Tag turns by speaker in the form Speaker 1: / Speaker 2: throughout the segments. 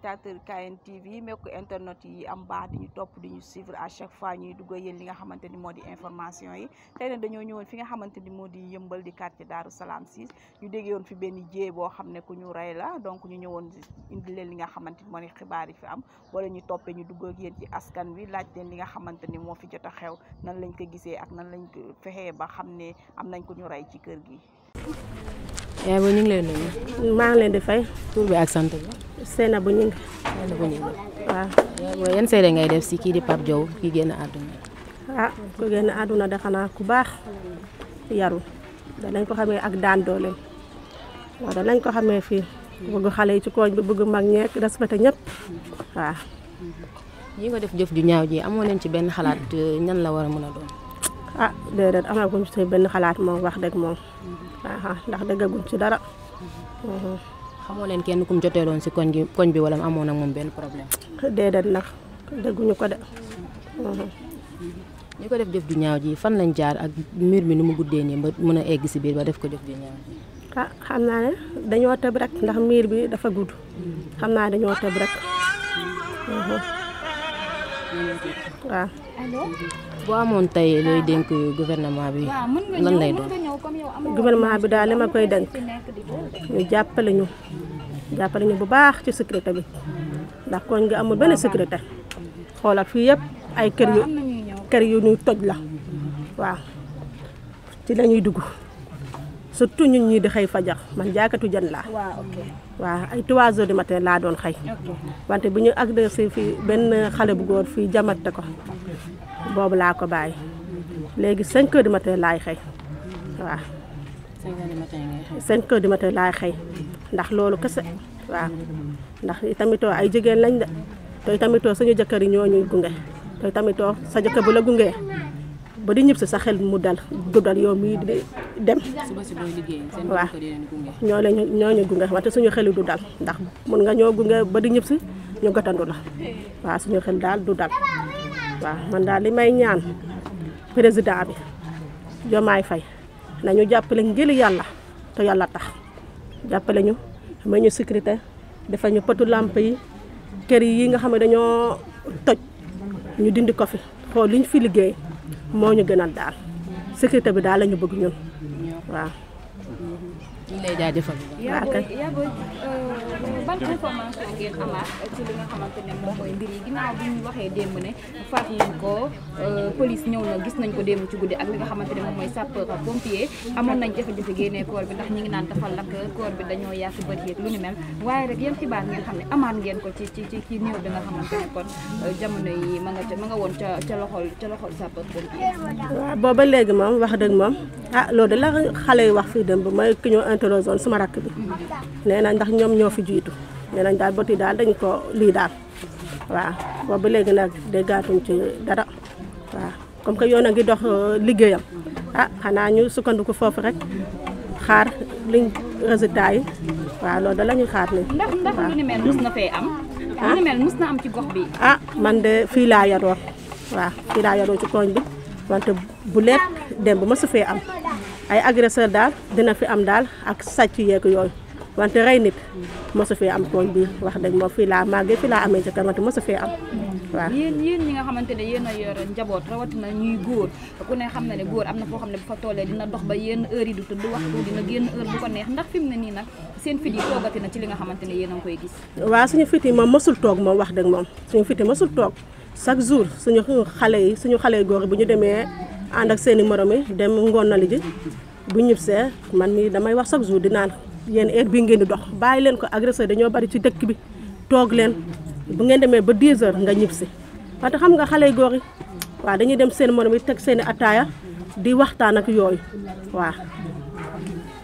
Speaker 1: téléspectateur KN TV mekk internet yi am baax di ñu topp di ñu suivre à chaque fois ñuy dugg yéen li nga xamante ni moo di information yi tey nag dañoo ñëwoon fi nga xamante ni moo di yëmbal di quartier Daaru Salaam 6 ñu déggee woon fi benn jiyee boo xam ne ku ñu rey la donc ñu ñëwoon indi leen li nga xamante ni moo di xibaar yi fi am wala ñu toppee ñu dugg ak yéen ci askan wi laaj leen li nga xamante ni moo fi jot a xew nan lañ ko gisee ak nan lañ ko fexee ba xam ne am nañ ko ñu rey ci
Speaker 2: kër gi
Speaker 3: yaay booy ñu ngi lay nuyu. ngi leen di fay. tur bi ak sant bi.
Speaker 2: Seyna bu Gningue. Seyna bu Gningue. waaw. waaw
Speaker 3: ngay def si kii di Pape Diaw ki génn àdduna.
Speaker 2: ah ku génn àdduna de xanaa ku baax yaru danañ ko xamee ak daan doole da danañ ko xamee fii. bëgg xale yi ci kooñ bi bëgg mag ñeek respecté ñëpp waaw.
Speaker 3: ñi nga def jëf ju ñaaw ji amoo leen ci benn
Speaker 2: xalaat eh, ñan la war a mën a doon. ah déedéet amaguñ ci benn xalaat moom wax dëgg moom. waaw ndax dëggaguñ ci dara. Mhm. xamoo leen kenn kum joteeloon
Speaker 3: si koñ gi koñ bi wala amoon ak moom benn problème.
Speaker 2: déedéet ndax dëgguñu ko de. Mhm.
Speaker 3: ñi ko def jëf ju ñaaw ji fan lañ jaar ak mbir mi nu mu guddee nii ba mun a egg si biir ba def ko jëf ju ñaaw ji.
Speaker 2: ah xam naa ne dañoo tëb rek ndax miir bi dafa gudd. xam naa dañoo tëb rek. Mhm. waaw.
Speaker 3: boo amoon tey looy dénk gouvernement bi lan lay doon.
Speaker 4: gouvernement bi daal li ma koy dénk ñu jàppale
Speaker 2: ñu jàppale ñu bu baax ci sécurité bi ndax koñ nga amul benn sécurité xoolal fii yëpp ay kër yu kër yu ñuy toj la waaw ci lañuy ñuy dugg surtout ñun ñii di xëy fajar man jaakatu jën laa. waaw ay 3 heures du matin laa doon xëy. wante bu ñu agressé fii benn xale bu góor fii jamante ko. boobu laa ko bàyyi léegi 5 heures du matin laay xëy waaw. 5 heures du matin xëy ndax loolu kese waaw ndax itamitoo ay jigéen lañ de te itamitoo suñu jëkkër yi ñoo ñu gunge te tamitoo sa jëkkër bu la gungee ba di ñib si sa xel mu dal du dal yow mii dem.
Speaker 3: suba si booy liggéey
Speaker 2: ñoo la ñoo ñu gunge wante suñu xel du dal ndax mun nga ñoo gunge ba di ñib si ñu gatandu la waaw suñu xel daal du dal. waaw man daal li may ñaan président bi Diomaye fay nañu jàppale ngir yàlla te yàlla tax jàppale ñu may ñu sécurité dafa ñu pëtu làmp yi kër yi nga xam ne dañoo toj ñu dindi ko fi xool li ñu fi liggéey moo ñu gënal daal sécurité bi daal la ñu bëgg ñun waaw ngi lay jaajëfal. waaw kay
Speaker 4: yaboo ban information ngeen amaat ci li nga xamante ne moom mooy mbir yi ginnaaw bi ñu waxee démb ne faat nañ ko euh, police ñëw na gis nañ ko démb ci guddi ak li nga xamante ne moom mooy sapeur pompier amoon nañ jafe-jafe génnee corps bi ndax ñu ngi naan dafa lakk corps bi dañoo yàq bët yeeg lu ni mel waaye rek yéen xibaar ngeen xam ne amaat ngeen ko ci ci ci néew bi nga xamante ne kon euh, jamono yi ma nga ca ma nga woon ca ca loxol ca loxol sapeur pompier. waaw
Speaker 2: booba léegi moom wax dëgg moom ah loolu de la xale yi wax fii démb mooy ki ñoo seeloo zone suma rakk bi nee na ndax ñoom ñoo fi jiitu nee nañ daal boti daal dañu ko lii daal waaw boobu ba léegi nag déggaatuñ ci dara waaw comme que yoon a ngi dox euh, liggéeyam ah xanaa ñu sukkandiku foofu rek xaar liñ résultat yi waaw loolu da lañuy xaar ni mus
Speaker 4: na fee am ah? lu ni am ci gox bi
Speaker 2: ah man de fii laa yaroo waaw fii laa yaroo ci kooñ bi wante bu leet dem bu mësu fee am ay agresseur daal dina fi am daal ak sàcc yeeg yooyu wante rey nit mosu fee am tooñ bii wax dëgg moom fii laa màggee fii laa amee ci kan wante mosu fee am
Speaker 4: waaw yéen yéen ñi nga xamante ne yéen a yor njaboot rawatina ñuy góor ku ne xam na ne góor am na foo xam ne bu fa tollee dina dox ba yenn heure yi du tëdd waxtu dina génn heure bu ko neex ndax fi mu ne nii nag seen fit yi toogati na ci li nga xamante ne yéen a ngi koy gis
Speaker 2: waa suñu fit yi moom mosul toog moom wax dëgg moom suñu fit yi mosul toog chaque jour suñu xale yi suñu xale góor bu ñu demee ànd ak seen i morom yi dem ngonali ji bu ñib see man mii damay wax chaque jour di naan yéen heure bii ngeen di dox bàyyi leen ko agresseur dañoo bari ci dëkk bi toog leen bu ngeen demee ba 10 heures nga ñib si parce que xam nga xale yu góor yi waaw dañuy dem seen morom yi teg seen i attaaya di waxtaan ak yooyu waa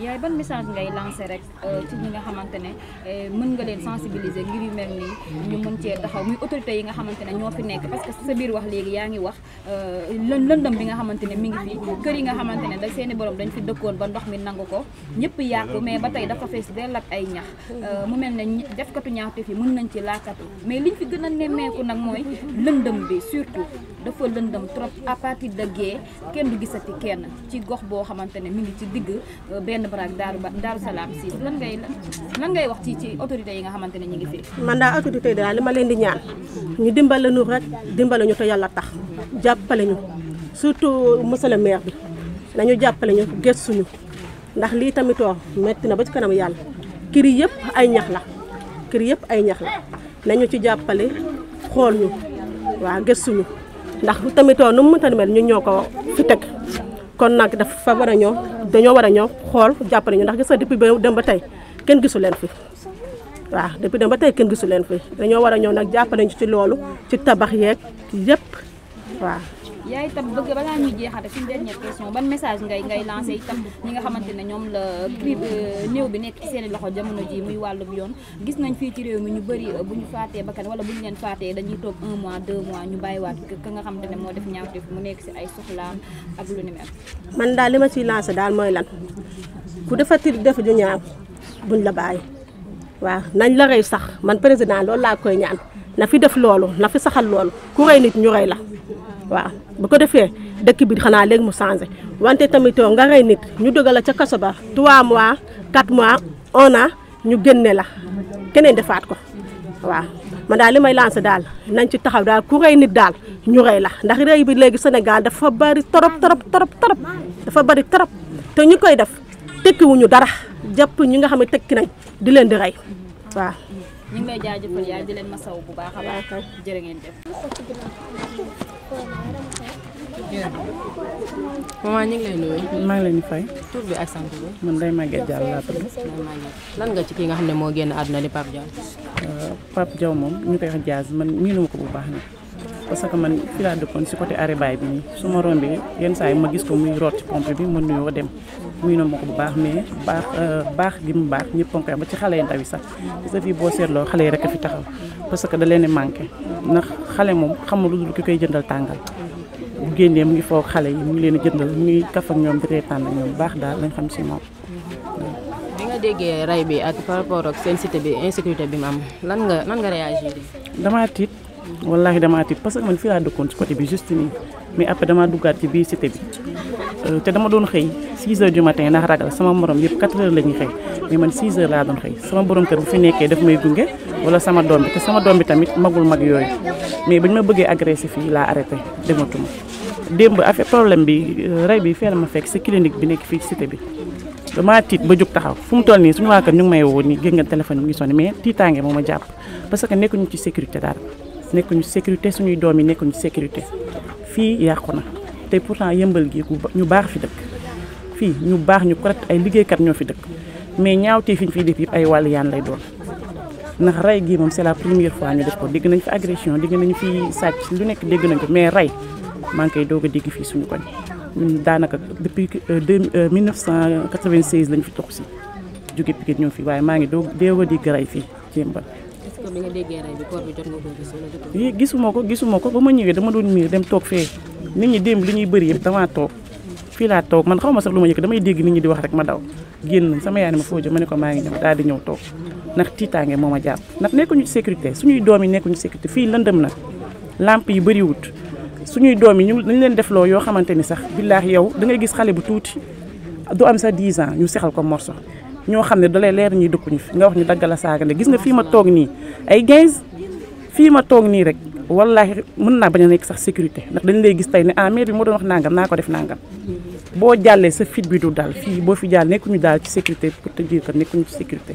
Speaker 4: yaay ban message ngay lancé rek euh, ci ñi nga xamante ne euh, mën nga leen sensibiliser ngir yu mel nii ñu mën cee taxaw muy autorité yi nga xamante ne ñoo fi nekk parce sa biir wax léegi yaa ngi wax euh, lën lëndëm bi nga xamante ne mi ngi fi kër yi nga xamante ne da seeni borom dañ fi dëkkoon ba ndox mi nangu ko ñëpp yàqu mais ba tey dafa fees dell ak ay ñax mu mel ne defkatu ñaawteef fi mën nañ ci laakatu mais liñ fi gën a nemmeeku nag mooy lëndëm bi surtout dafa lëndëm trop à partir de gée kenn du gisati kenn ci gox boo xamante ne mi ngi ci digg benn benn baraag daaru ba daaru salaam si lan ngay lan ngay wax ci ci autorités yi nga xamante ne ñu ngi fi. man daa
Speaker 2: autorité yi daal li ma leen di ñaan ñu dimbale nu rek dimbale ñu te yàlla tax jàppale ñu surtout monsieur le maire bi nañu jàppale ñu gëstuñu ndax lii tamitoo metti na ba ci kanam yàlla kër yëpp ay ñax la kër yëpp ay ñax la nañu ci jàppale xool ñu waa gëstuñu ndax tamitoo nu mu mënta mel ñu ñoo ko fi teg kon nag dafa war a ñoo dañoo war a ñëw xool jàppale ñu ndax gis nga depuis ba dem ba tey kenn gisuleen leen fi waaw depuis dem ba tey kenn gisu leen fi dañoo war a ñëw nag jàppale ñu ci loolu ci tabax yeeg yépp waaw
Speaker 4: yaa itam bëgg balaa ñuy jeexal suñu dernière question ban message ngay ngay lancé itam ñi nga xamante ne ñoom la cri euh, néew bi nekk ci seen loxo jamono ji muy wàllum yoon gis nañ fii ci réew mi ñu bëri euh, bu ñu faatee bakkan wala bu ñu leen faatee dañuy toog un mois deux mois ñu bàyyiwaat ka nga xamante ne moo def ñaawteef mu nekk si ay soxlaam ak lu ni mel.
Speaker 2: man daal li ma ciy lancé daal mooy lan ku dafa tir def ju ñaaw buñ la bàyyi waaw nañ la rey sax man président loolu laa koy ñaan na fi def loolu na saxal loolu ku rey nit ñu rey la waaw. bu ko defee dëkk bi xanaa léegi mu changé wante tamit nga rey nit ñu dugal la ca kaso ba 3 mois 4 mois 1 an ñu génne la keneen defaat ko waaw. man daal li may lancé daal nañ ci taxaw daal ku rey nit daal ñu rey la ndax rey bi léegi Sénégal dafa bari torop torop torop torop dafa bari torop te ñu koy def tekkiwuñu dara jàpp ñi nga xam ne tekki nañ di leen di rey waaw.
Speaker 4: ñu ngi lay jaajëfal yaay di leen masaw bu baax a baax jërë ngeen jëf.
Speaker 5: maman ñu lay nuyu. maa ngi leen di fay. ak sant bi. man Ndeye Maguette Diallo laa tudd. lan nga ci ki nga xam ne moo génn àdduna di Pape Diaw. Euh, Pape Diaw moom ñu koy wax Diaz man miinuma ko bu baax nag parce que man fii laa dëkkoon si côté baay bi nii su ma rombee yenn saa yi ma gis ko muy root ci pompe bi ma nuyoo dem. miinuma ko bu baax mais baax euh, baax gi mu baax ñëpp a koy ba ci xale yu ndaw yi sax parce que fii boo seetloo xale yi rek a fi taxaw parce que da leen manqué ndax xale moom xamul lu dul ki koy jëndal tàngal. génnee mu ngi foog xale yi mu ngi leen a jëndal mu ngi kaf ak ñoom di reetaan ak ñoom bu baax daal lañ xam si moom.
Speaker 3: bi nga déggee rey bi ak par rapport ak seen cité bi insécurité bi mu am lan nga lan nga réagir.
Speaker 5: damaa tiit wallaahi damaa tiit parce que man fii laa dëkkoon ci côté bi juste nii mais après damaa duggaat ci biir cité bi euh, te dama doon xëy 6 heures du matin ndax ragal sama moroom yëpp 4 heures la ñuy xëy mais man 6 heures laa doon xëy sama borom kër bu fi nekkee daf may sama doom bi tamit magul mag yooyu mais bañ ma bëggee agressif yi laa arrêté dematuma. démb affaire problème bi euh, rey bi fee la ma fekk si clinique bi nekk fii ci cité bi damaa tiit ba jóg taxaw fu mu toll nii suñu waa kër ñu ngi may woo nii gën nga téléphone mu ngi sonné mais tiitaange moo ma jàpp parce que nekkuñu ci sécurité dara nekkuñu ci sécurité suñuy doom yi nekkuñu ci sécurité fii yàqu na te pourtant yëmbal gi ñu baax fi dëkk fii ñu baax ñu correct ay liggéeykat ñoo fi dëkk mais ñaawtee fi ñu fi def yëpp ay wàll yaan lay doon ndax rey gii moom c'est la première fois dégg nañ fi agression dégg nañ fi sàcc lu nekk dégg nañ ko mais rey maa ngi doog a dégg fii suñu koñ ñun daanaka depuis euh, deux euh, mille neuf cent quatre-vingt-seize lañ fi toog si jóge Pikine ñëw fii waaye maa ngi doog doog a dégg rey fii Jémbal.
Speaker 3: est-ce
Speaker 5: gisuma ko gisuma ko ba ma ñëwee dama doon miir dem toog fee nit ñi démb li ñuy bëri yëpp damaa toog fii laa toog man xaw ma sax lu ma yëg damay dégg nit ñi di wax rek ma daw génn sama yaay ma foo jëm ma ne ko maa ngi ñëw daal di ñëw toog ndax tiitaange moo ma jàpp ndax nekkuñu sécurité suñuy doom yi nekkuñu sécurité fii lëndëm na làmp yi bëriwut suñuy doom yi ñu dañ leen defloo yoo xamante ni sax billaahi yow da ngay gis xale bu tuuti du am sa 10 ans ñu sexal ko morso ñoo xam ne dalay leer ñuy dëkkuñu fi nga wax ñu daggal a saaga gis nga fii ma toog nii ay 15 fii ma toog nii rek wallaahi mën naa bañ a nekk sax sécurité ndax dañ lay gis tey ne ah maire bi moo doon wax nangam naa ko def nangam boo jàllee sa fit bi du daal fii boo fi jàll nekkuñu daal ci sécurité pour te dire que nekkuñu ci sécurité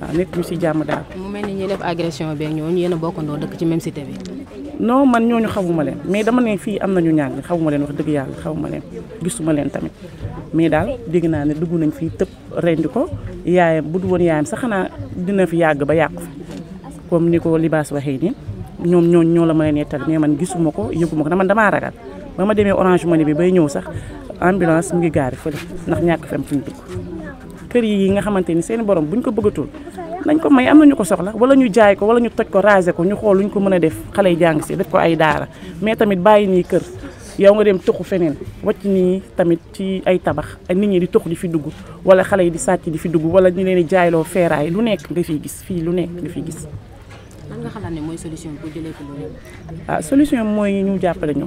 Speaker 5: waaw nekkuñu si jàmm daal.
Speaker 3: mu mel ni ñuy def agression
Speaker 5: beeg ñooñu yéen a bokkandoo dëkk ci même cité bi. non man ñooñu xawuma leen mais dama ne fii am nañu ñàng xawuma leen wax dëgg yàlla xawuma leen gisuma leen tamit mais daal dégg naa ne dugg nañ fii tëb rendi ko yaayam bu du woon yaayam sax xanaa dina fi yàgg ba yàqu comme ni ko libaas waxee nii ñoom ñooñu ñoo la ma a nettal mais man gisuma ko yëguma ko man damaa ragal ba ma demee orange money bi bay ñëw sax ambulance mu ngi gaari ndax ñàkk fem fu kër yi nga xamante ni seen borom buñ ko bëggatul nañ ko may am na ñu ko soxla wala ñu jaay ko wala ñu toj ko raser ko ñu xool luñ ko mën a def xale yi jàng si def ko ay daara mais tamit bàyyi nii kër yow nga dem tuxu feneen wàcc nii tamit ci ay tabax ak nit ñi di tuxu di fi dugg wala xale yi di sàcc di fi dugg wala ñu leen di jaayloo feeraay lu nekk nga fiy gis fii lu nekk nga fiy gis.
Speaker 3: lan nga xalaat mooy solution pour jëlee ko loolu.
Speaker 5: ah solution mooy ñu jàppale ñu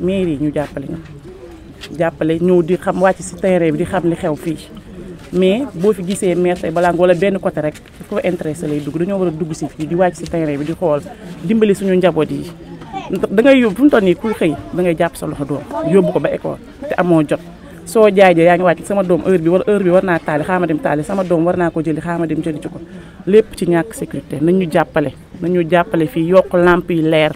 Speaker 5: mairie ñu jàppale ñu jàppale ñëw di xam wàcc si terrain bi di xam li xew fii. mais boo fi gisee maire tey balaa nga wala benn côté rek daf ko intéressé lay dugg dañoo war a dugg si fii di wàcc si terrain bi di xool dimbali suñu njaboot yi da ngay yóbbu fu mu nii kuy xëy da ngay jàpp sa loxo doom yóbbu ko ba école te amoo jot soo jaajee yaa ngi wàcc sama doom heure bi war heure bi war naa taali xaama dem taali sama doom war naa ko jëli xaama dem jëli ci ko lépp ci ñàkk sécurité nañu jàppale nañu jàppale fii yokk lamp yi leer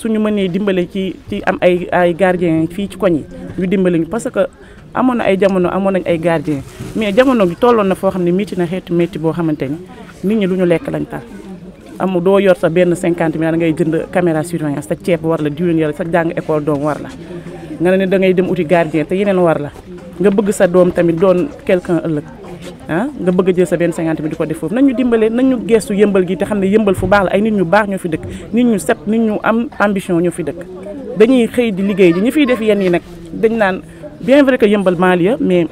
Speaker 5: suñu mënee dimbale ci ci am ay ay gardien fii ci koñ yi ñu amoon na ay jamono amoon nañ ay gardien mais jamono bi tolloon na foo xam ne métti na xeetu métti boo xamante ni nit ñi lu ñu lekk lañ tal amu doo yor sa benn cinquante mille da ngay jënd caméra surveillance sa ceeb war la diwlin yàlla jàng école doom war la nga ne da ngay dem uti gardien te yeneen war la nga bëgg sa doom tamit doon quelqu'un ëllëg ah nga bëgg jël sa benn cinquante bi di ko def foofu nañu dimbale nañu geestu yëmbal gi te ne yëmbal fu baax la ay nit ñu baax ñoo fi dëkk nit ñu set nit ñu am ambition ñoo fi dëkk dañuy xëy di liggéey ji ñu fiy def yenn yi nag dañ naan bien vrai que yëmbal Malia mais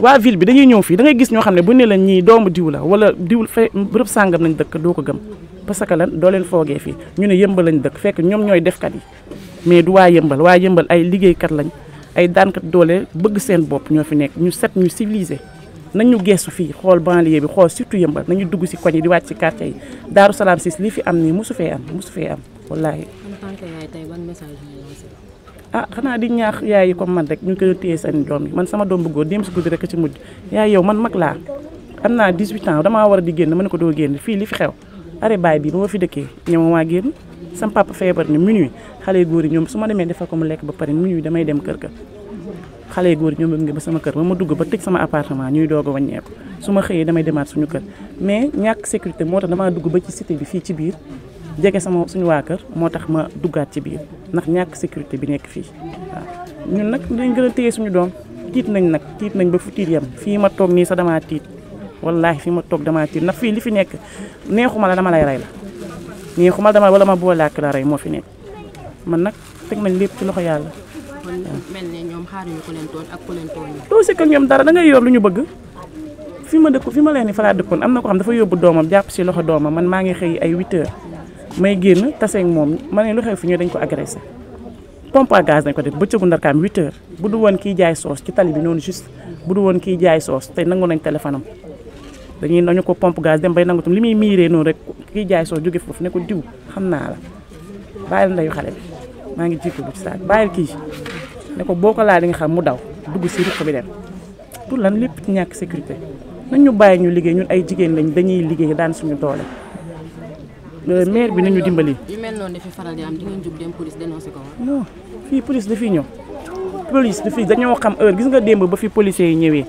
Speaker 5: waa ville bi dañuy ñëw fii da ngay gis ñoo xam ne bu ne la ñii doomu diw la wala diw fe bërëb sàngam lañ dëkk doo ko gëm parce que lan doo leen foogee fii ñu ne yëmbal lañ dëkk fekk ñoom ñooy defkat yi mais du waa yëmbal waa yëmbal ay liggéeykat lañ ay daankat doole bëgg seen bopp ñoo fi nekk ñu set ñu civilisé nañ ñu geesu fii xool banlieue bi xool surtout yëmbal nañu dugg si koñ yi di wàcc si quartier yi Daaru li fi am nii mosu fee am mosu fee am wallaahi ah xanaa di ñaax yaay yi comme man rek ñu koy téye seen doom yi man sama doom bu góor démb si guddi rek ci mujj yaay yow man mag laa am naa 18 ans damaa war a di génn ma ne ko doo génn fii li fi xew are baay bi ba ma fi dëkkee ñoom maa génn sama papa feebar ñu minuit xale góor yi ñoom su ma demee defal ko mu lekk ba pare minuit damay dem kër ga xale góor yi ñoom bëgg nga ba sama kër ba ma dugg ba teg sama appartement ñuy doog a wàññeeku su ma xëyee damay demaat suñu kër mais ñàkk sécurité moo tax damaa dugg ba ci cité bi fii ci biir jege sama suñu waa kër moo tax ma duggaat ci biir ndax ñàkk sécurité bi nekk fii waaw ñun nag dañ gën a téye suñu doom tiit nañ nag tiit nañ ba fu tiit yam fii ma toog nii sa damaa tiit wallaahi fii ma toog damaa tiit ndax fii li fi nekk neexuma la dama lay rey la neexuma la wala ma boole la rey moo fi nekk man nag teg nañ lépp ci loxo yàlla.
Speaker 3: ñoom xaaruñu ko leen tooñ
Speaker 5: doo sekk ak ñoom dara da ngay yor lu ñu bëgg. fi ma dëkk fi ma leen ni dëkkoon am na ko xam dafa yóbbu doomam jàpp si loxo doomam man maa ngi xëy ay 8 may génn taseeg moom man ne lu xew fi ñu dañ ko agressé pompe à gaz dañ ko def bëccëgu ndarkaam 8 heures bu du woon kiy jaay soos ci tali bi noonu juste bu du woon kiy jaay soos tey nangu nañ téléphone am dañuy nañu ko pompe gaz dem bay nangu tam li muy miiree noonu rek kiy jaay soos jóge foofu ne ko diw xam naa la bàyyil ndeyu xale bi maa ngi jiitu bu ci saak bàyyil kii ne ko boo ko laa li nga xam mu daw dugg si ruq bi dem pour lan lépp ñàkk sécurité nañ bàyyi ñu liggéey ñun ay jigéen lañ dañuy liggéey daan suñu doole Euh, maire bi nañu dimbali. yu
Speaker 3: mel noonu dafay faral di am di ngeen police dénoncé ko
Speaker 5: woon. ñëw police dafiy dañoo xam heure gis nga démb ba fi policiers yi ñëwee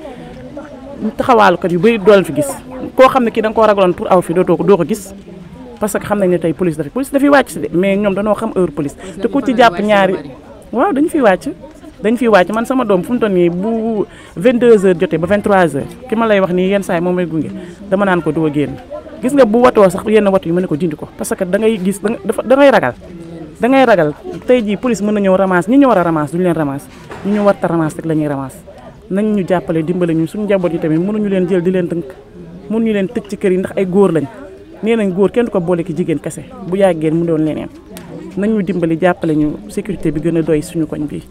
Speaker 5: taxawaalukat yu bëri doole fi gis koo xam ne kii da ko ragoon pour aw fi dootoo ko doo ko gis. parce que xam nañ ne tey police dafi police dafiy wàcc de mais ñoom danoo xam heure police te ku ci jàpp ñaari waaw dañu fiy wàcc dañ fiy wàcc man sama doom fu mu toll nii bu 22h jotee ba 23h ki ma lay wax nii yenn saa moom may gunge dama naan ko doo génn gis nga bu watoo sax yenn watu yi mën ne ko dindi ko parce que ngay gis dafa da ngay ragal da ragal tey jii police mën na ñëw ramasse ñi ñu war a ramasse duñu leen ramasse ñi ñu warta ramasse rek la ñuy ramasse nañ ñu jàppale dimbale ñu suñu njaboot yi tamit mënuñu leen jël di leen tënk mënuñu leen tëj ci kër yi ndax ay góor lañ nee nañ góor kenn du ko boole ki jigéen kese bu yàggeen mu doon leneen nañ ñu dimbali jàppale ñu sécurité bi gën a doy suñu koñ bii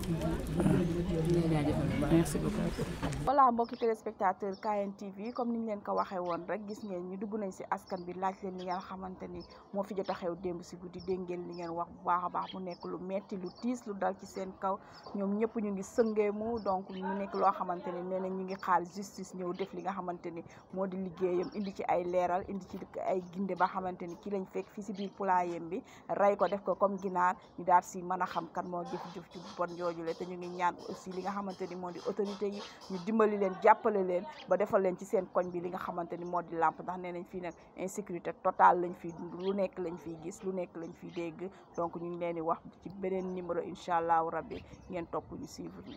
Speaker 1: voilà mbokki téléspectateur KN TV comme niñ leen ko waxee woon rek gis ngeen ñu dugg nañ si askan bi laaj leen li li ngeen bu baax a baax mu nekk lu metti lu tiis lu dal ci ñu ngi sëngeemu donc mu nekk loo xamante ni nee na ñu ngi xaar justice ñëw def li nga xamante ni moo di liggéeyam indi ci ay leeral indi ci ay ginde ba xamante ni ki lañ fekk fii si biir poulailler bi rey ko def ko comme ginaar ñu daal si mën a xam kan moo jëf jëf ci bon ñu ngi ñaan aussi li nga xamante moo di autorité yi ñu dimbali leen jàppale leen ba defal leen ci seen koñ bi li nga xamante ni moo di làmp ndax nee nañ fii nag insécurité totale lañ fi dund lu nekk lañ fiy gis lu nekk lañ fiy dégg donc ñu ngi leen di wax ci beneen numéro incha allahu rabbi ngeen topp ñu suivre